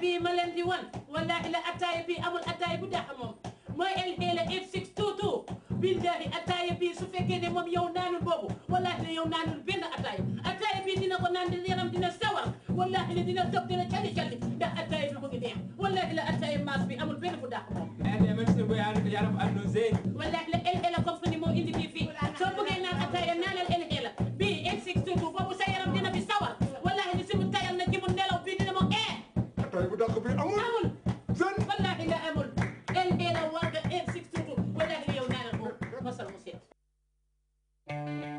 bii ma leen di wan wallaahi la attaaya bii amul attaaya bu daax moom mooy el xeela 8622 billaahi attaaya bii su fekkee ne moom yow naanul boobu wallaahi ne yow naanul benn attaaya attaaya bii dina ko naan yaram dina sawar wallaahi ne dina toog dina cali cali bi mu ngi neex la attaaya maas bi amul benn bu daax moom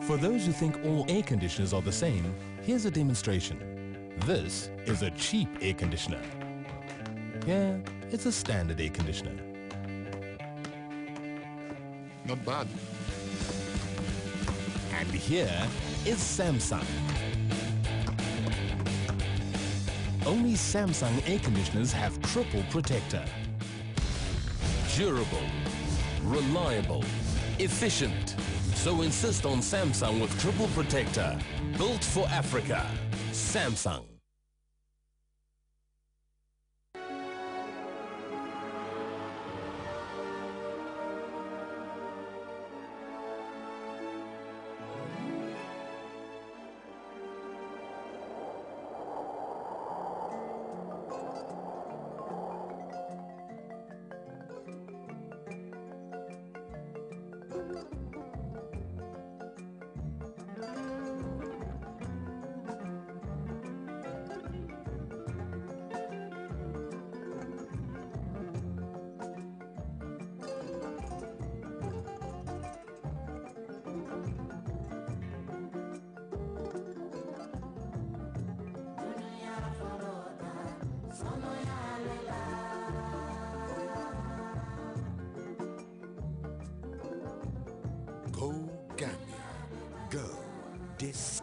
For those who think all air conditioners are the same, here's a demonstration. This is a cheap air conditioner. Yeah, it's a standard air conditioner. Not bad. And here is Samsung. Only Samsung air conditioners have triple protector. Durable, reliable, efficient. So insist on Samsung with Triple Protector. Built for Africa. Samsung.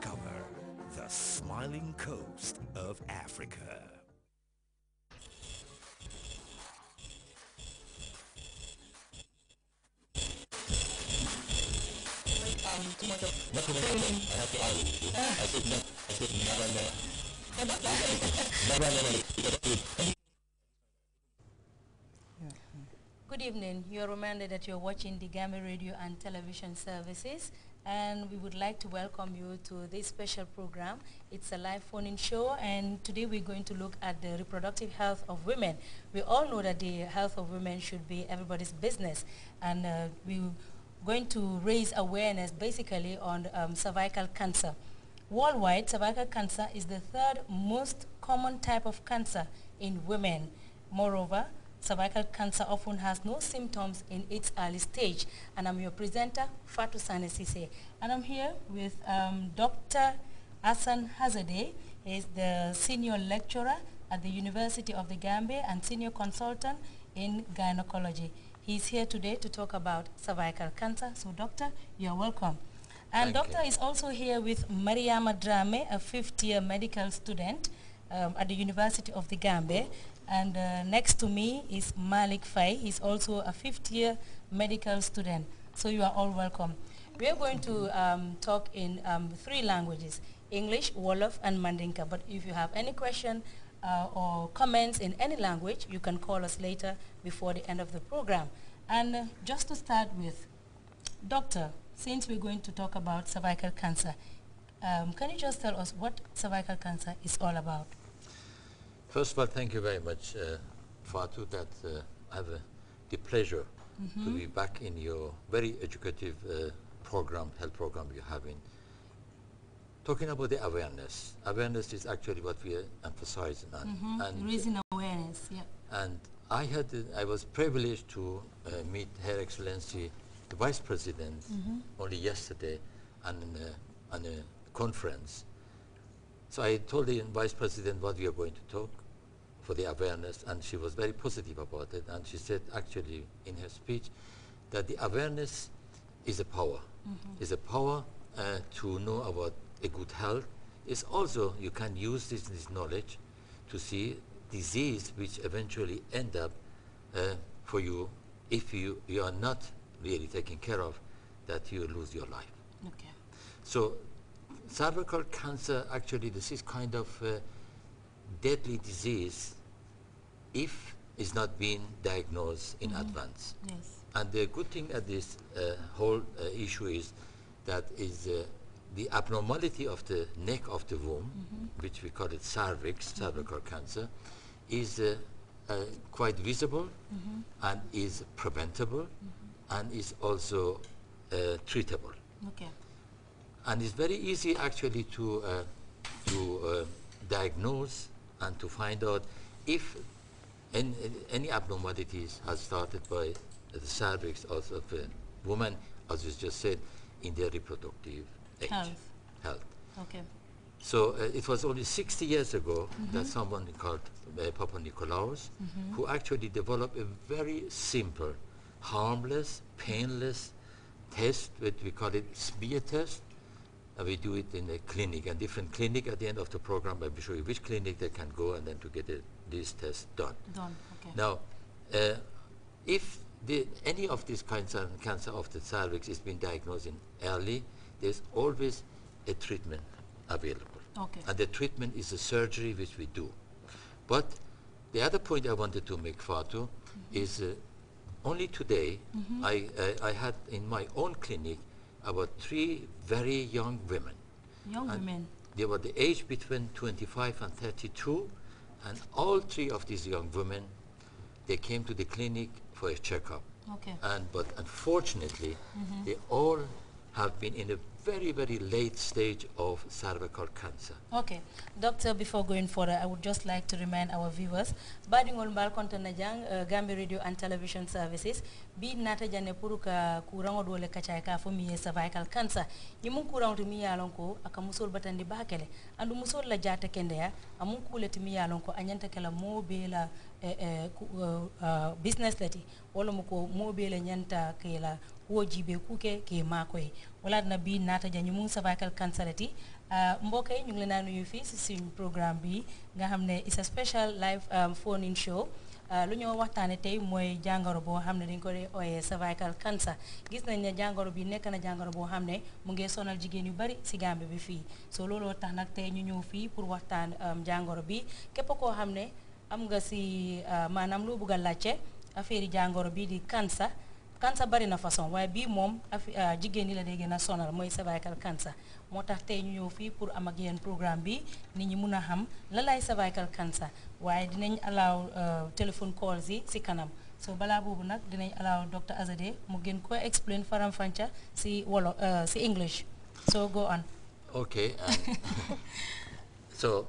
discover the smiling coast of Africa. Good evening. You are reminded that you are watching the Gamma Radio and Television Services and we would like to welcome you to this special program. It's a live phone-in show and today we're going to look at the reproductive health of women. We all know that the health of women should be everybody's business and uh, we're going to raise awareness basically on um, cervical cancer. Worldwide, cervical cancer is the third most common type of cancer in women. Moreover, Cervical cancer often has no symptoms in its early stage. And I'm your presenter, Fatou Sanesise, And I'm here with um, Dr. Hassan Hazade. He's the senior lecturer at the University of the Gambia and senior consultant in gynecology. He's here today to talk about cervical cancer. So, doctor, you're welcome. And Thank doctor you. is also here with Mariama Drame, a fifth-year medical student um, at the University of the Gambia. And uh, next to me is Malik Fay. He's also a fifth year medical student. So you are all welcome. We are going to um, talk in um, three languages, English, Wolof, and Mandinka. But if you have any question uh, or comments in any language, you can call us later before the end of the program. And uh, just to start with, doctor, since we're going to talk about cervical cancer, um, can you just tell us what cervical cancer is all about? First of all, thank you very much, uh, Fatu, that uh, I have uh, the pleasure mm -hmm. to mm-hmm. be back in your very educative uh, program, health program you're having. Talking about the awareness, awareness is actually what we are emphasizing Mm -hmm. and Raising awareness, yeah. And I had, uh, I was privileged to uh, meet Her Excellency, the Vice President, mm -hmm. only yesterday, on, uh, on a conference. So I told the Vice President what we are going to talk, for the awareness, and she was very positive about it. And she said, actually, in her speech, that the awareness is a power, mm -hmm. is a power uh, to know about a good health. Is also you can use this, this knowledge to see disease which eventually end up uh, for you if you, you are not really taken care of, that you lose your life. Okay. So cervical cancer, actually, this is kind of uh, deadly disease if it's not being diagnosed in mm -hmm. advance. Yes. And the good thing at this uh, whole uh, issue is that is uh, the abnormality of the neck of the womb, mm -hmm. which we call it cervix, mm -hmm. cervical cancer, is uh, uh, quite visible mm-hmm. and is preventable mm-hmm. and is also uh, treatable. Okay. And it's very easy actually to to diagnose and to find out if any, any abnormalities has started by the cervix of a woman, as you just said, in their reproductive age. Health. Health. Okay. So uh, it was only 60 years ago mm -hmm. that someone called uh, Papa Nicolaus, mm -hmm. who actually developed a very simple, harmless, painless test, which we call it smear test, uh, we do it in a clinic, a different clinic at the end of the program. I'll show you which clinic they can go and then to get a, this test done. Done, okay. Now, uh, if the, any of these kinds of cancer of the cervix is being diagnosed in early, there's always a treatment available. Okay. And the treatment is a surgery which we do. But the other point I wanted to make, Fatu, mm -hmm. is uh, only today mm -hmm. I, uh, I had in my own clinic about three very young women. Young and women? They were the age between 25 and 32, and all three of these young women, they came to the clinic for a checkup. Okay. And but unfortunately, mm -hmm. they all have been in a very, very late stage of cervical cancer. Okay. Doctor, before going further, I would just like to remind our viewers, Badingol Mbal Kontanajang, uh, Gambia Radio and Television Services, bi nata jane kurang ka kurango dole kacay ka cervical cancer yimun kurango to mi yalon ko aka musol batandi bakele andu la jata kende ya amun kuleti mi yalon ko anyanta kela mo eh, eh uh, uh, business lati wala mo mobile mo bela nyanta kala kuke ke makoy na bii naata ja ñu mu cervical cancer yi mbokk yi ñu ngi leen a nuyu fii si suñu programme bi nga xam ne it's a special live um, phone in show ah, lu ñoo waxtaane tey mooy jàngoro boo xam ne dañ ko dee ooyee cervical cancer gis nañ ne jàngoro bi nekk na jàngoro boo xam ne mu ngi sonal jigéen yu bari si Gàmbi bi fii so looloo tax nag tey ñu ñëw fii pour waxtaan um, jàngoro bi képp koo xam ne am nga si ah, maanaam loo bëgg a laajte affaire yi jàngoro bi di cancer cancer bari na façon waaye bii moom ah, jigéen ñi la day gën a sonal mooy cervical cancer moo tax tey ñu ñëw fii pour am ak yéen programme bi nit ñi mun a xam la laay cervical cancer waaye dinañ allow ah, téléphone calls yi si kanam so balaa boobu nag dinañ allow docteur Azadeh mu gën ko explain faram-fàcce si wolo si ah, English so go on. okay um, so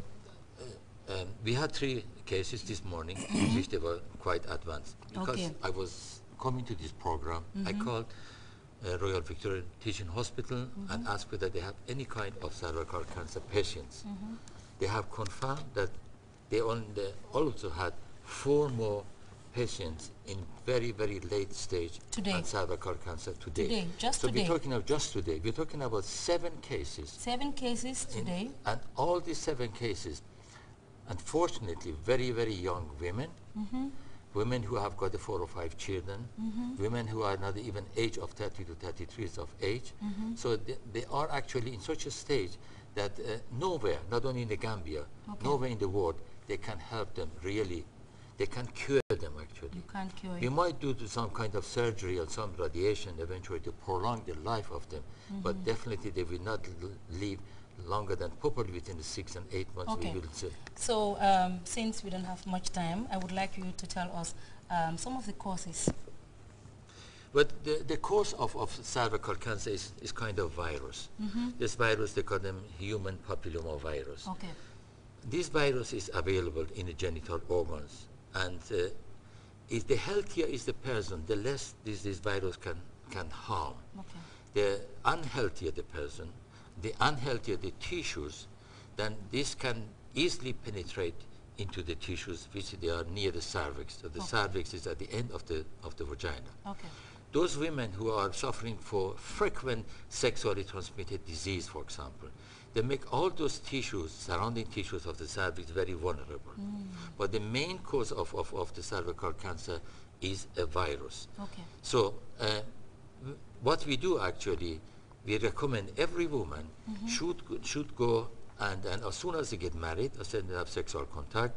uh, um, we had three cases this morning which they were quite advanced because I was come into this program, mm -hmm. I mm-hmm. called uh, Royal Victoria Teaching Hospital mm -hmm. and mm-hmm. asked whether they have any kind of cervical cancer patients. Mm -hmm. They have confirmed that they also had four more patients in very, very late stage today. cervical cancer today. Today, just so today. we're talking about just today. We're talking about seven cases. Seven cases today. In, and all these seven cases, unfortunately, very, very young women. Mm-hmm women who have got four or five children, mm -hmm. women who are not even age of 30 to 33 years of age. Mm -hmm. So th they are actually in such a stage that uh, nowhere, not only in the Gambia, okay. nowhere in the world, they can help them really. They can cure them actually. You can't cure. You might do some kind of surgery or some radiation eventually to prolong the life of them, mm -hmm. but mm-hmm. definitely they will not live longer than probably within the six and eight months okay. we will see. So um, since we don't have much time, I would like you to tell us um, some of the causes. But the, the cause of, of cervical cancer is, is kind of virus. Mm -hmm. This virus, they call them human papillomavirus. Okay. This virus is available in the genital organs. And uh, the healthier is the person, the less this, this virus can, can harm. Okay. The unhealthier the person, the unhealthier the tissues, then this can easily penetrate into the tissues which they are near the cervix. So the okay. cervix is at the end of the of the vagina. Okay. Those women who are suffering for frequent sexually transmitted disease, for example, they make all those tissues, surrounding tissues of the cervix very vulnerable. Mm. But the main cause of, of, of the cervical cancer is a virus. Okay. So uh, what we do actually we recommend every woman mm -hmm. should should go and, and as soon as they get married, as they have sexual contact,